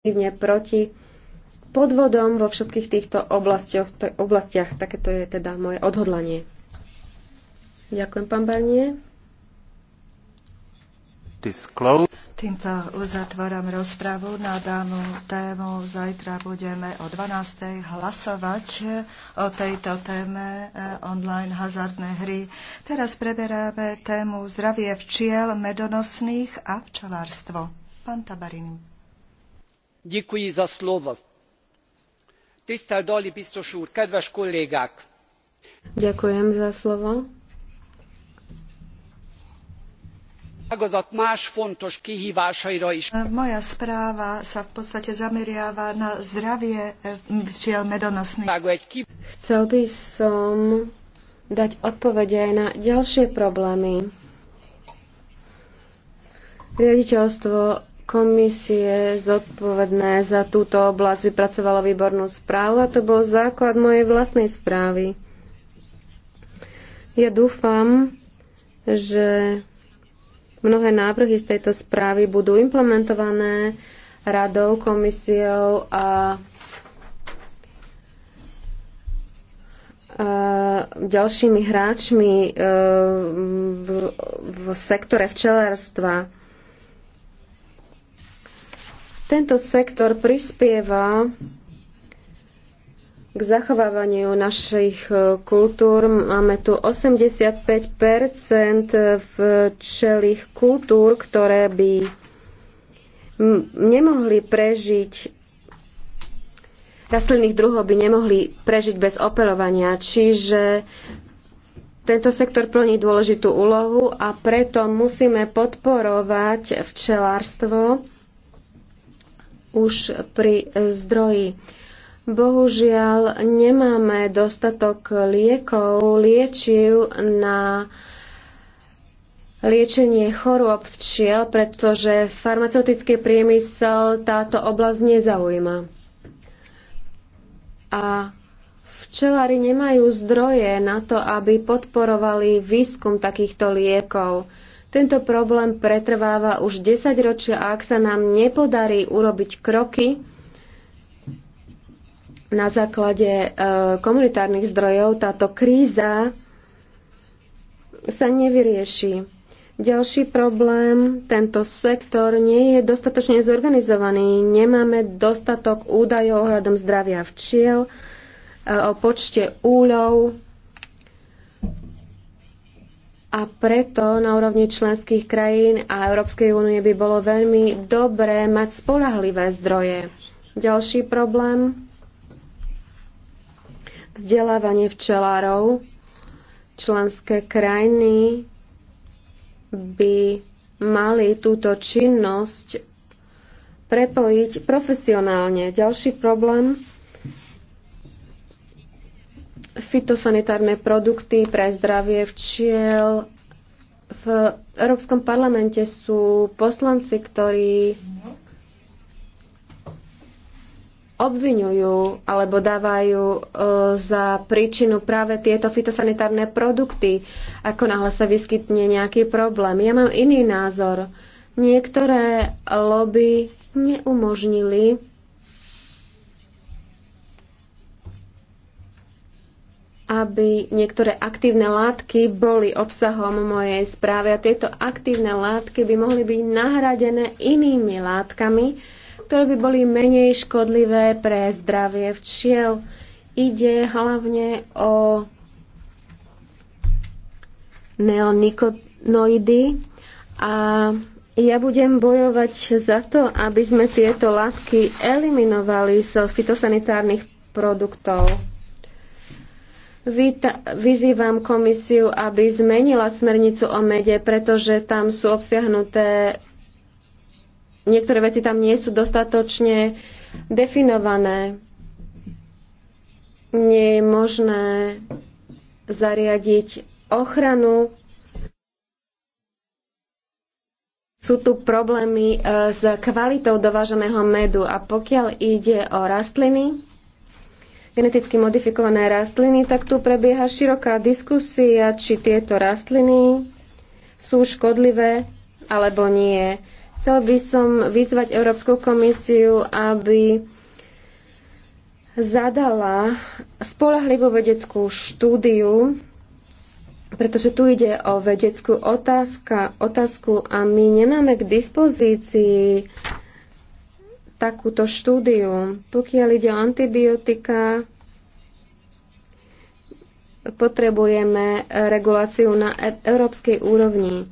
aktívne proti podvodom vo všetkých týchto oblastiach, oblastiach. Takéto je teda moje odhodlanie. Ďakujem, pán Barnie. Týmto uzatváram rozpravu na danú tému. Zajtra budeme o 12.00 hlasovať o tejto téme eh, online hazardné hry. Teraz preberáme tému zdravie včiel, medonosných a včelárstvo. Pán Tabarin tisztelt dalli biztos úr kedves kollégák! ágazat más fontos kihvásaira is. moja správa sa v podstate zameriava na zdravie včiel medonosných. chcel by som dať odpovede aj na ďalšie problémy. Riaditeľstvo komisie zodpovedné za túto oblasť vypracovalo výbornú správu a to bol základ mojej vlastnej správy. Ja dúfam, že mnohé návrhy z tejto správy budú implementované radou, komisiou a, ďalšími hráčmi e, v sektore včelárstva tento sektor prispieva k zachovávaniu našich e, kultúr. Máme tu 85 včelých kultúr, ktoré by nemohli prežiť rastlinných druhov by nemohli prežiť bez opelovania. Čiže tento sektor plní dôležitú úlohu a preto musíme podporovať včelárstvo už pri zdroji. Bohužiaľ, nemáme dostatok liekov, liečiv na liečenie chorôb včiel, pretože farmaceutický priemysel táto oblasť nezaujíma. A včelári nemajú zdroje na to, aby podporovali výskum takýchto liekov. Tento problém pretrváva už 10 ročia a ak sa nám nepodarí urobiť kroky na základe e, komunitárnych zdrojov, táto kríza sa nevyrieši. Ďalší problém, tento sektor nie je dostatočne zorganizovaný. Nemáme dostatok údajov ohľadom zdravia včiel, e, o počte úľov, a preto na úrovni členských krajín a Európskej únie by bolo veľmi dobré mať spolahlivé zdroje. Ďalší problém vzdelávanie včelárov. Členské krajiny by mali túto činnosť prepojiť profesionálne. Ďalší problém fitosanitárne produkty pre zdravie včiel. V Európskom parlamente sú poslanci, ktorí obvinujú alebo dávajú e, za príčinu práve tieto fitosanitárne produkty, ako náhle sa vyskytne nejaký problém. Ja mám iný názor. Niektoré lobby neumožnili aby niektoré aktívne látky boli obsahom mojej správy a tieto aktívne látky by mohli byť nahradené inými látkami, ktoré by boli menej škodlivé pre zdravie včiel. Ide hlavne o neonikotinoidy a ja budem bojovať za to, aby sme tieto látky eliminovali zo fitosanitárnych produktov vyzývam komisiu, aby zmenila smernicu o mede, pretože tam sú obsiahnuté niektoré veci tam nie sú dostatočne definované. Nie je možné zariadiť ochranu. Sú tu problémy eh, s kvalitou dováženého medu a pokiaľ ide o rastliny, geneticky modifikované rastliny, tak tu prebieha široká diskusia, či tieto rastliny sú škodlivé alebo nie. Chcel by som vyzvať Európsku komisiu, aby zadala spolahlivú vedeckú štúdiu, pretože tu ide o vedeckú otázka, otázku a my nemáme k dispozícii takúto štúdiu. Pokiaľ ide o antibiotika, potrebujeme reguláciu na e európskej úrovni,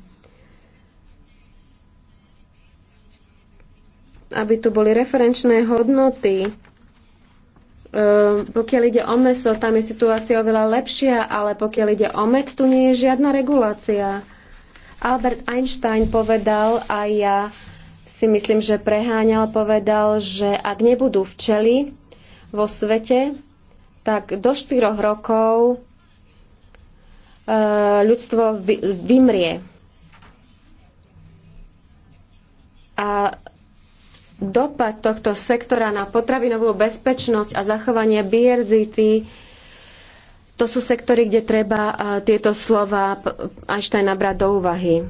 aby tu boli referenčné hodnoty. E, pokiaľ ide o meso, tam je situácia oveľa lepšia, ale pokiaľ ide o med, tu nie je žiadna regulácia. Albert Einstein povedal a ja si myslím, že preháňal, povedal, že ak nebudú včely vo svete, tak do 4 rokov e, ľudstvo vymrie. A dopad tohto sektora na potravinovú bezpečnosť a zachovanie biodiverzity to sú sektory, kde treba e, tieto slova Einsteina brať do úvahy.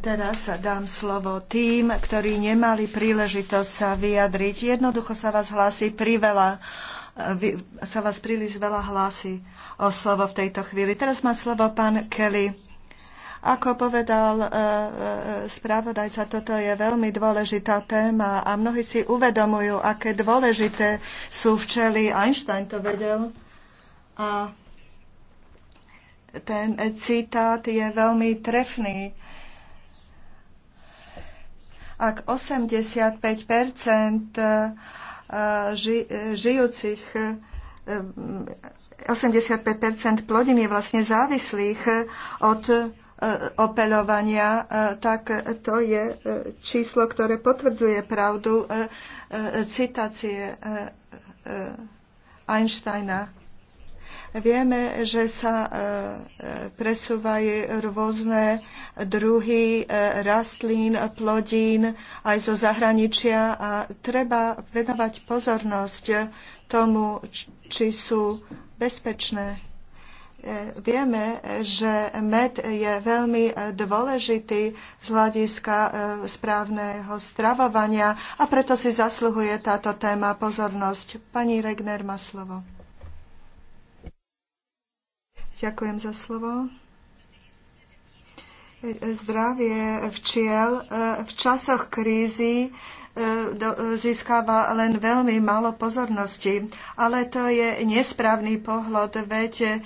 Teraz dám slovo tým, ktorí nemali príležitosť sa vyjadriť. Jednoducho sa vás hlási priveľa eh, vy, sa vás príliš veľa hlási o slovo v tejto chvíli. Teraz má slovo pán Kelly. Ako povedal e, e, správodajca, toto je veľmi dôležitá téma a mnohí si uvedomujú, aké dôležité sú včely. Einstein to vedel. A ten citát je veľmi trefný. Ak 85 eh, žijúcich 85 eh, plodín je vlastne závislých eh, od opeľovania, tak to je číslo, ktoré potvrdzuje pravdu citácie Einsteina. Vieme, že sa e, e, presúvajú rôzne druhy e, rastlín, plodín aj zo zahraničia a treba venovať pozornosť tomu, či sú bezpečné. Vieme, že med je veľmi dôležitý z hľadiska správneho stravovania a preto si zasluhuje táto téma pozornosť. Pani Regner má slovo. Ďakujem za slovo zdravie včiel v časoch krízy e, získava len veľmi málo pozornosti. Ale to je nesprávny pohľad, veď e, e,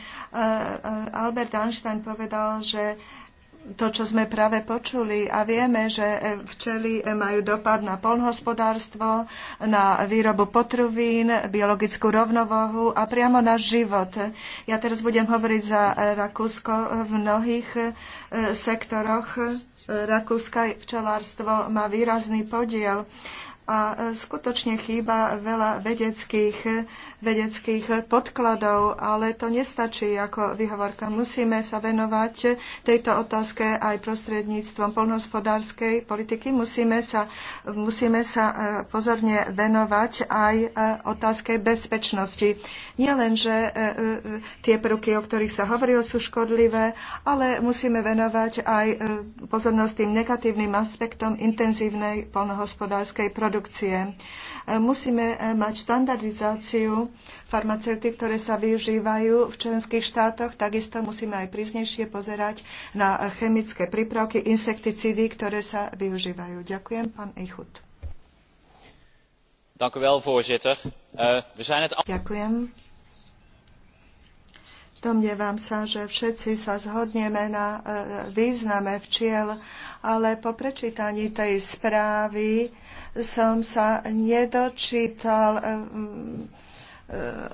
Albert Einstein povedal, že to, čo sme práve počuli a vieme, že včely majú dopad na polnohospodárstvo, na výrobu potruvín, biologickú rovnovohu a priamo na život. Ja teraz budem hovoriť za Rakúsko. V mnohých e, sektoroch e, Rakúska včelárstvo má výrazný podiel a e, skutočne chýba veľa vedeckých, vedeckých podkladov, ale to nestačí ako vyhovorka. Musíme sa venovať tejto otázke aj prostredníctvom polnohospodárskej politiky. Musíme sa, musíme sa e, pozorne venovať aj e, otázke bezpečnosti. Nie len, že tie prvky, o ktorých sa hovorilo, sú škodlivé, ale musíme venovať aj pozornosť tým negatívnym aspektom intenzívnej polnohospodárskej produkcie produkcie. Musíme eh, mať štandardizáciu farmaceutík, ktoré sa využívajú v členských štátoch. Takisto musíme aj príznejšie pozerať na eh, chemické prípravky, insekticídy, ktoré sa využívajú. Ďakujem, pán Eichut. Eh, Ďakujem. Domnievam sa, že všetci sa zhodneme na e, význame včiel, ale po prečítaní tej správy som sa nedočítal e, e,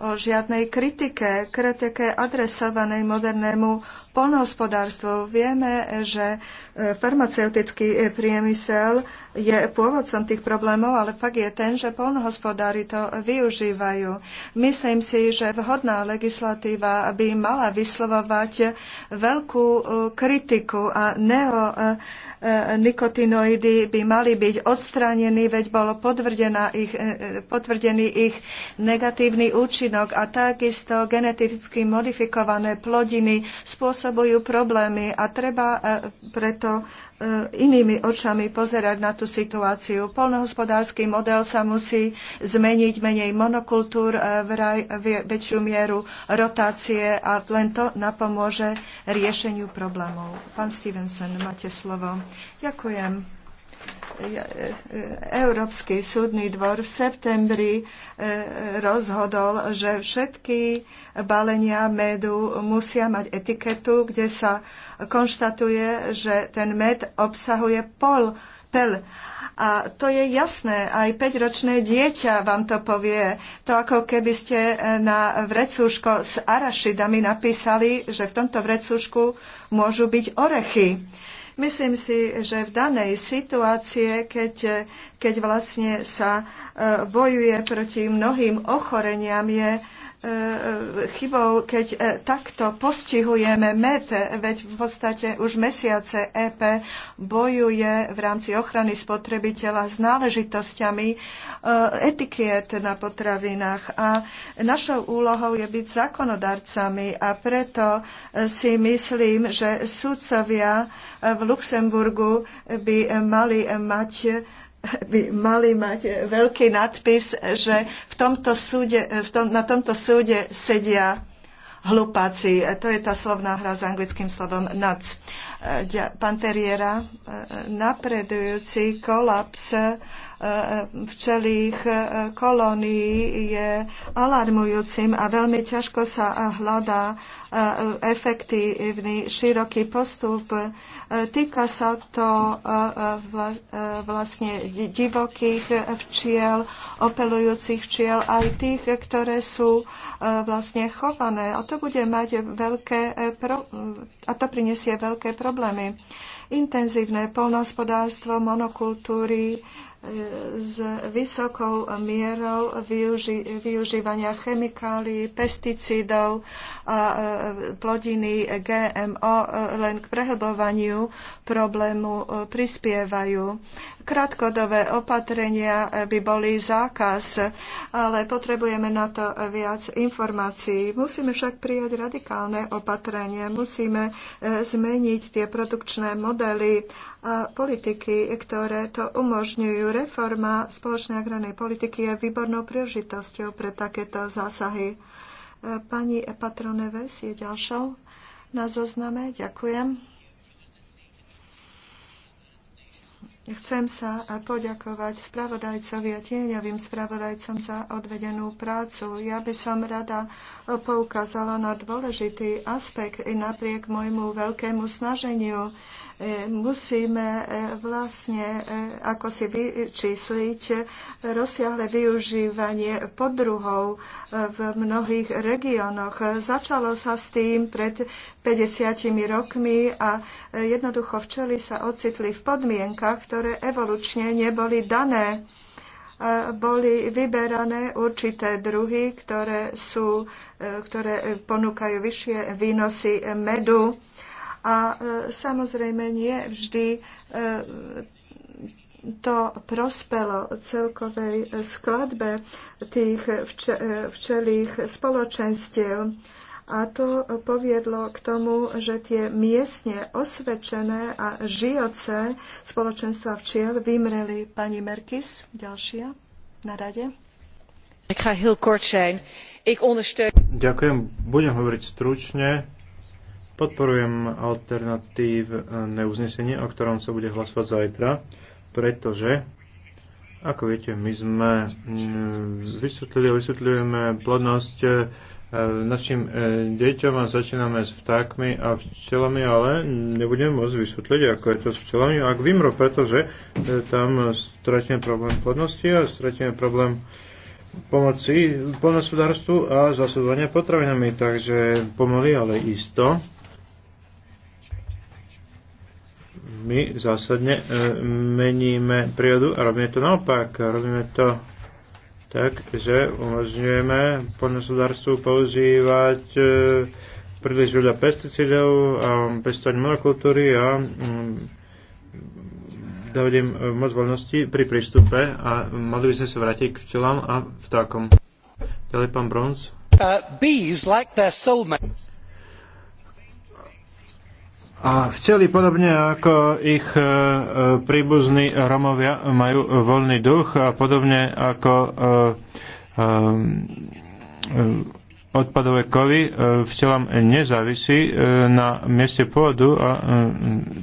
o žiadnej kritike, kritike adresovanej modernému polnohospodárstvo. Vieme, že e, farmaceutický e, priemysel je pôvodcom tých problémov, ale fakt je ten, že polnohospodári to využívajú. Myslím si, že vhodná legislatíva by mala vyslovovať veľkú e, kritiku a neonikotinoidy by mali byť odstranení, veď bolo ich, potvrdený ich negatívny účinok a takisto geneticky modifikované plodiny spôsobujú spôsobujú problémy a treba e, preto e, inými očami pozerať na tú situáciu. Polnohospodársky model sa musí zmeniť menej monokultúr, e, vraj väčšiu mieru rotácie a len to napomôže riešeniu problémov. Pán Stevenson, máte slovo. Ďakujem. Európsky súdny dvor v septembri e, rozhodol, že všetky balenia medu musia mať etiketu, kde sa konštatuje, že ten med obsahuje pol, pel. A to je jasné, aj 5-ročné dieťa vám to povie. To ako keby ste e, na vrecúško s arašidami napísali, že v tomto vrecúšku môžu byť orechy. E, Myslím si, že v danej situácie, keď, keď vlastne sa e, bojuje proti mnohým ochoreniam, je E, e, chybou, keď e, takto postihujeme MET, veď v podstate už mesiace EP bojuje v rámci ochrany spotrebiteľa s náležitosťami etikiet na potravinách. A našou úlohou je byť zákonodarcami a preto si myslím, že sudcovia v Luxemburgu by mali mať by mali mať veľký nadpis, že v tomto súde, v tom, na tomto súde sedia hlupáci. E, to je tá slovná hra s anglickým slovom nuts. E, Panteriera, e, napredujúci kolaps včelých kolónií je alarmujúcim a veľmi ťažko sa hľadá efektívny, široký postup. Týka sa to vlastne divokých včiel, opelujúcich včiel, aj tých, ktoré sú vlastne chované. A to to bude mať veľké eh, pro, a to prinesie veľké problémy. Intenzívne polnohospodárstvo, monokultúry, s vysokou mierou využi- využívania chemikálií, pesticídov a e, plodiny GMO e, len k prehlbovaniu problému e, prispievajú. Krátkodové opatrenia by boli zákaz, ale potrebujeme na to viac informácií. Musíme však prijať radikálne opatrenie, musíme zmeniť tie produkčné modely a politiky, ktoré to umožňujú reforma spoločnej agrárnej politiky je výbornou príležitosťou pre takéto zásahy. Pani Ves je ďalšou na zozname. Ďakujem. Chcem sa poďakovať spravodajcovi a tieňovým spravodajcom za odvedenú prácu. Ja by som rada poukázala na dôležitý aspekt i napriek môjmu veľkému snaženiu e, musíme e, vlastne e, ako si vyčísliť rozsiahle využívanie podruhov v mnohých regiónoch. Začalo sa s tým pred 50 rokmi a jednoducho včely sa ocitli v podmienkach, ktoré evolučne neboli dané boli vyberané určité druhy, ktoré, sú, e, ktoré e, ponúkajú vyššie výnosy medu. A e, samozrejme nie vždy to prospelo celkovej skladbe tých včelých spoločenstiev a to poviedlo k tomu, že tie miestne osvedčené a žijoce spoločenstva včiel vymreli. Pani Merkis, ďalšia na rade. Ďakujem, budem hovoriť stručne. Podporujem alternatívne eh, uznesenie, o ktorom sa bude hlasovať zajtra, pretože ako viete, my sme mm, vysvetlili a vysvetľujeme plodnosť eh, E, našim e, deťom a začíname s vtákmi a včelami, ale nebudem môcť vysvetliť, ako je to s včelami, ak vymro, pretože e, tam stratíme problém plodnosti a stratíme problém pomoci poľnohospodárstvu a zásobovania potravinami, takže pomaly, ale isto. My zásadne meníme prírodu a robíme to naopak. Robíme to tak, že umožňujeme poľnohospodárstvu používať e, príliš veľa pesticídov a pestovať monokultúry a mm, dávať im e, moc voľnosti pri prístupe a mali by sme sa vrátiť k včelám a vtákom. Ďalej pán Bronz. Uh, bees, like their soulmates a vteli podobne ako ich e, príbuzní Romovia majú voľný duch a podobne ako e, e, odpadové kovy v telom nezávisí na mieste pôdu a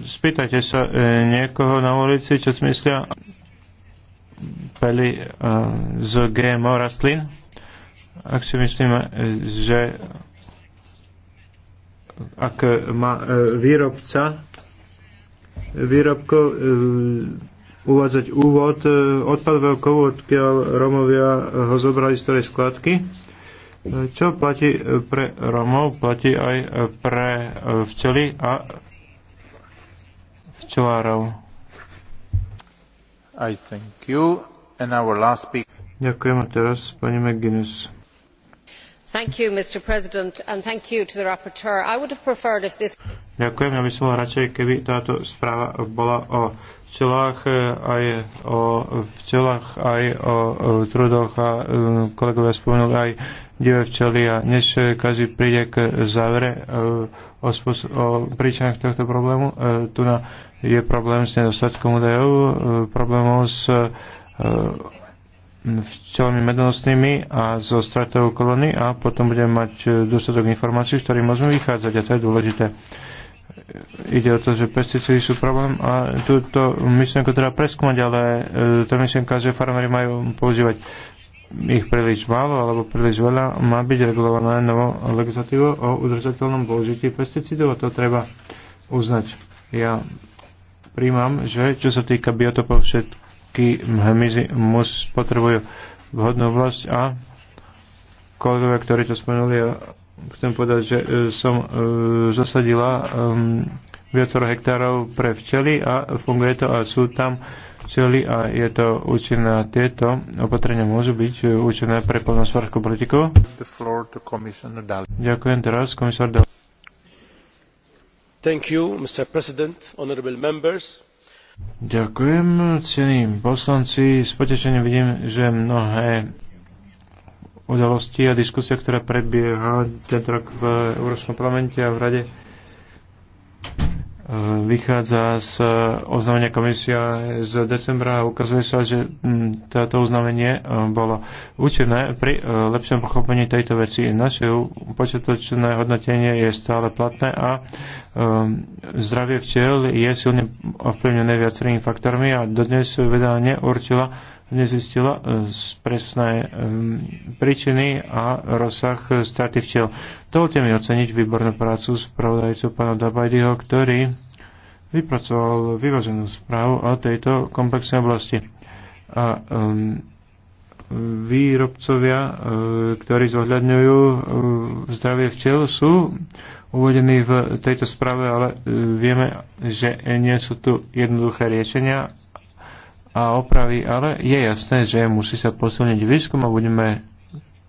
spýtajte sa niekoho na ulici, čo si myslia peli z GMO rastlín. Ak si myslíme, že ak má e, výrobca výrobkov e, uvádzať úvod e, odpadového kovu, odkiaľ Romovia ho zobrali z tej skladky. Čo platí pre Romov, platí aj pre včely a včelárov. I thank you. And our last speaker. Ďakujem a teraz pani McGuinness mr president and thank you to the rapporteur. i would have preferred if this. Ďakujem, ja by som bol radšej, keby táto správa bola o včelách, e, aj o včelách, aj o e, trudoch a e, kolegovia spomenuli aj divé včely a než každý príde k závere o, spos- o príčinách tohto problému, tu je problém s nedostatkom údajov, problémov s včelami medonosnými a zo stratou kolony a potom budeme mať e, dostatok informácií, z ktorých môžeme vychádzať a to je dôležité. Ide o to, že pesticídy sú problém a túto myšlenku treba preskúmať, ale e, tá myšlenka, že farmári majú používať ich príliš málo alebo príliš veľa, má byť regulovaná novou legislatívou o udržateľnom použití pesticídov a to treba uznať. Ja príjmam, že čo sa týka biotopov všetkých, všetky hmyzy mus, potrebujú vhodnú vlast a kolegovia, ktorí to spomenuli, ja chcem povedať, že e, som e, zasadila ehm, viacero hektárov pre včely a funguje to a sú tam včely a je to účinné. Tieto opatrenia môžu byť e, účinné pre plnosvárskú politiku. Ďakujem teraz, komisár Dal. Thank you, Mr. President, honorable members. Ďakujem, cení poslanci. S potešením vidím, že mnohé udalosti a diskusia, ktoré prebieha tento rok v Európskom parlamente a v Rade, vychádza z eh, oznámenia komisia z decembra a ukazuje sa, že hm, toto oznámenie eh, bolo účinné pri eh, lepšom pochopení tejto veci. Naše počiatočné hodnotenie je stále platné a zdravie včiel je silne ovplyvnené viacerými faktormi a dodnes veda neurčila nezistila e, presné e, príčiny a rozsah straty včiel. Dovolte mi oceniť výbornú prácu spravodajcu pána Dabajdyho, ktorý vypracoval vyvaženú správu o tejto komplexnej oblasti. A um, výrobcovia, e, ktorí zohľadňujú zdravie včel, sú uvedení v tejto správe, ale vieme, že nie sú tu jednoduché riešenia a opravy, ale je jasné, že musí sa posilniť výskum a budeme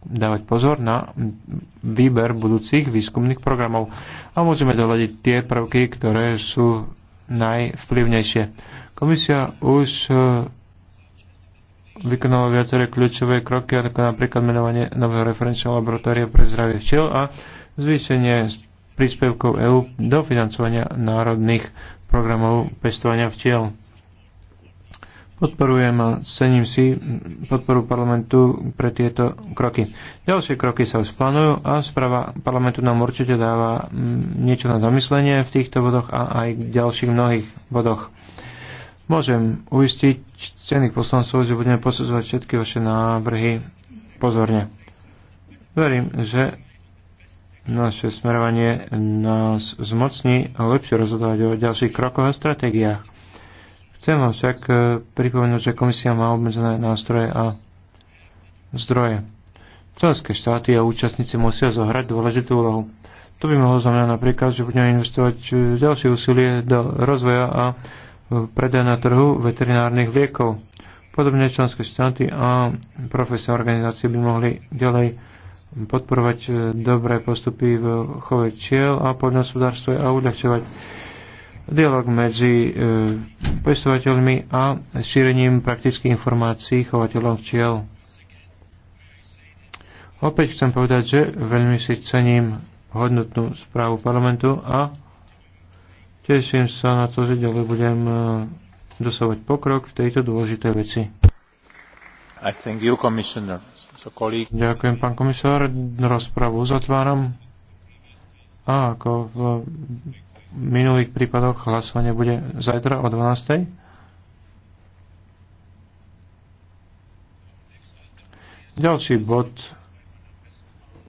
dávať pozor na výber budúcich výskumných programov a môžeme dohľadiť tie prvky, ktoré sú najvplyvnejšie. Komisia už eh, vykonala viaceré kľúčové kroky, ako napríklad menovanie nového referenčného laboratória pre zdravie včiel a zvýšenie príspevkov EÚ do financovania národných programov pestovania včiel. Podporujem a cením si podporu parlamentu pre tieto kroky. Ďalšie kroky sa už plánujú a správa parlamentu nám určite dáva mm, niečo na zamyslenie v týchto bodoch a aj v ďalších mnohých bodoch. Môžem uistiť cených poslancov, že budeme posudzovať všetky vaše návrhy pozorne. Verím, že naše smerovanie nás zmocní a lepšie rozhodovať o ďalších krokoch a stratégiách. Chcem vám však e, pripomenúť, že komisia má obmedzené nástroje a zdroje. Členské štáty a účastníci musia zohrať dôležitú úlohu. To by mohlo znamenáť napríklad, že budeme investovať e, ďalšie úsilie do rozvoja a e, predaja na trhu veterinárnych liekov. Podobne členské štáty a profesionálne organizácie by mohli ďalej podporovať dobré postupy v chove čiel a poľnohospodárstve a uľahčovať dialog medzi pestovateľmi a šírením praktických informácií chovateľom včiel. Opäť chcem povedať, že veľmi si cením hodnotnú správu parlamentu a teším sa na to, že ďalej budem e, dosahovať pokrok v tejto dôležitej veci. I thank you, Commissioner. So colleague... Ďakujem, pán komisár. Rozpravu zatváram A ako v minulých prípadoch hlasovanie bude zajtra o 12. Ďalší bod